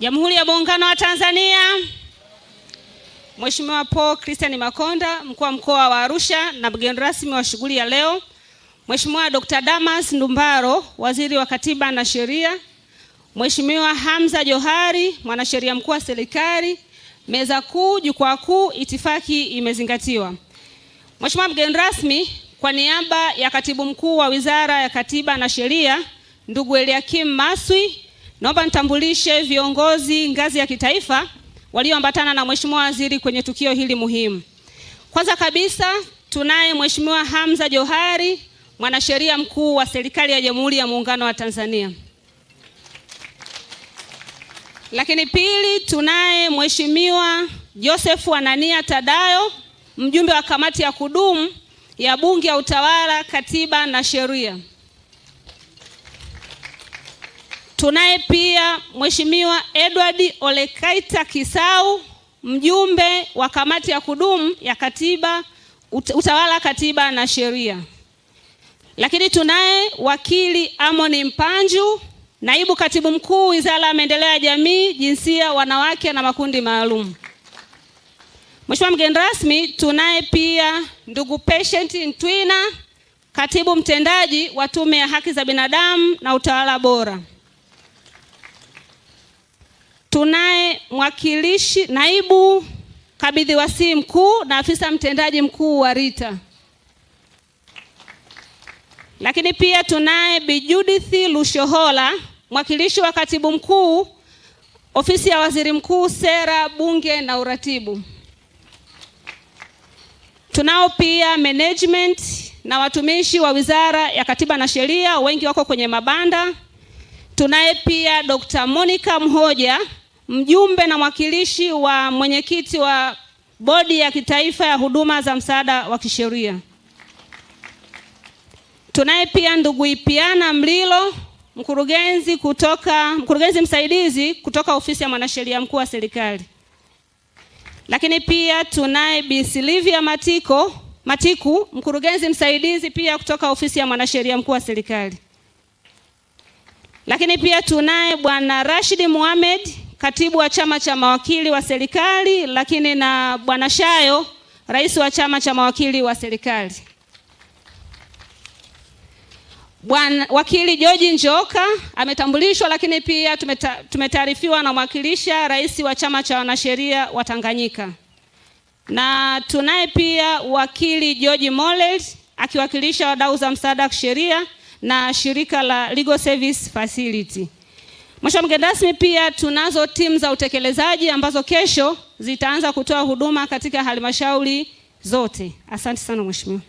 Jamhuri ya Muungano wa Tanzania. Mheshimiwa Paul Christian Makonda, mkuu wa mkoa wa Arusha na mgeni rasmi wa shughuli ya leo. Mheshimiwa Dr. Damas Ndumbaro, Waziri wa Katiba na Sheria. Mheshimiwa Hamza Johari, Mwanasheria Mkuu wa Serikali. Meza kuu, jukwaa kuu, itifaki imezingatiwa. Mheshimiwa mgeni rasmi, kwa niaba ya Katibu Mkuu wa Wizara ya Katiba na Sheria, ndugu Eliakim Maswi Naomba nitambulishe viongozi ngazi ya kitaifa walioambatana na Mheshimiwa Waziri kwenye tukio hili muhimu. Kwanza kabisa tunaye Mheshimiwa Hamza Johari, mwanasheria mkuu wa serikali ya Jamhuri ya Muungano wa Tanzania. Lakini pili, tunaye Mheshimiwa Joseph Anania Tadayo, mjumbe wa kamati ya kudumu ya Bunge ya Utawala, Katiba na Sheria. Tunaye pia Mheshimiwa Edward Olekaita Kisau, mjumbe wa kamati ya kudumu ya katiba, utawala, katiba na sheria. Lakini tunaye wakili Amon Mpanju, naibu katibu mkuu, Wizara ya Maendeleo ya Jamii, Jinsia, Wanawake na Makundi Maalum. Mheshimiwa mgeni rasmi, tunaye pia ndugu Patient Ntwina, katibu mtendaji wa Tume ya Haki za Binadamu na Utawala Bora. Tunaye mwakilishi naibu kabidhi wasii mkuu na afisa mtendaji mkuu wa RITA, lakini pia tunaye Bi Judith Lushohola, mwakilishi wa katibu mkuu ofisi ya waziri mkuu, sera, bunge na uratibu. Tunao pia management na watumishi wa wizara ya katiba na sheria, wengi wako kwenye mabanda. Tunaye pia Dr. Monica Mhoja mjumbe na mwakilishi wa mwenyekiti wa bodi ya kitaifa ya huduma za msaada wa kisheria. Tunaye pia ndugu Ipiana Mlilo, mkurugenzi kutoka mkurugenzi msaidizi kutoka ofisi ya mwanasheria mkuu wa serikali. Lakini pia tunaye Bi Matiko Matiku, mkurugenzi msaidizi pia kutoka ofisi ya mwanasheria mkuu wa serikali. Lakini pia tunaye bwana Rashid Mohamed katibu wa chama cha mawakili wa serikali, lakini na bwana Shayo, rais wa chama cha mawakili wa serikali, bwana wakili George Njoka ametambulishwa, lakini pia tumeta, tumetaarifiwa na mwakilisha rais wa chama cha wanasheria wa Tanganyika, na tunaye pia wakili George molel akiwakilisha wadau za msaada wa kisheria na shirika la Legal Service Facility. Mheshimiwa mgeni rasmi, pia tunazo timu za utekelezaji ambazo kesho zitaanza kutoa huduma katika halmashauri zote. Asante sana mheshimiwa.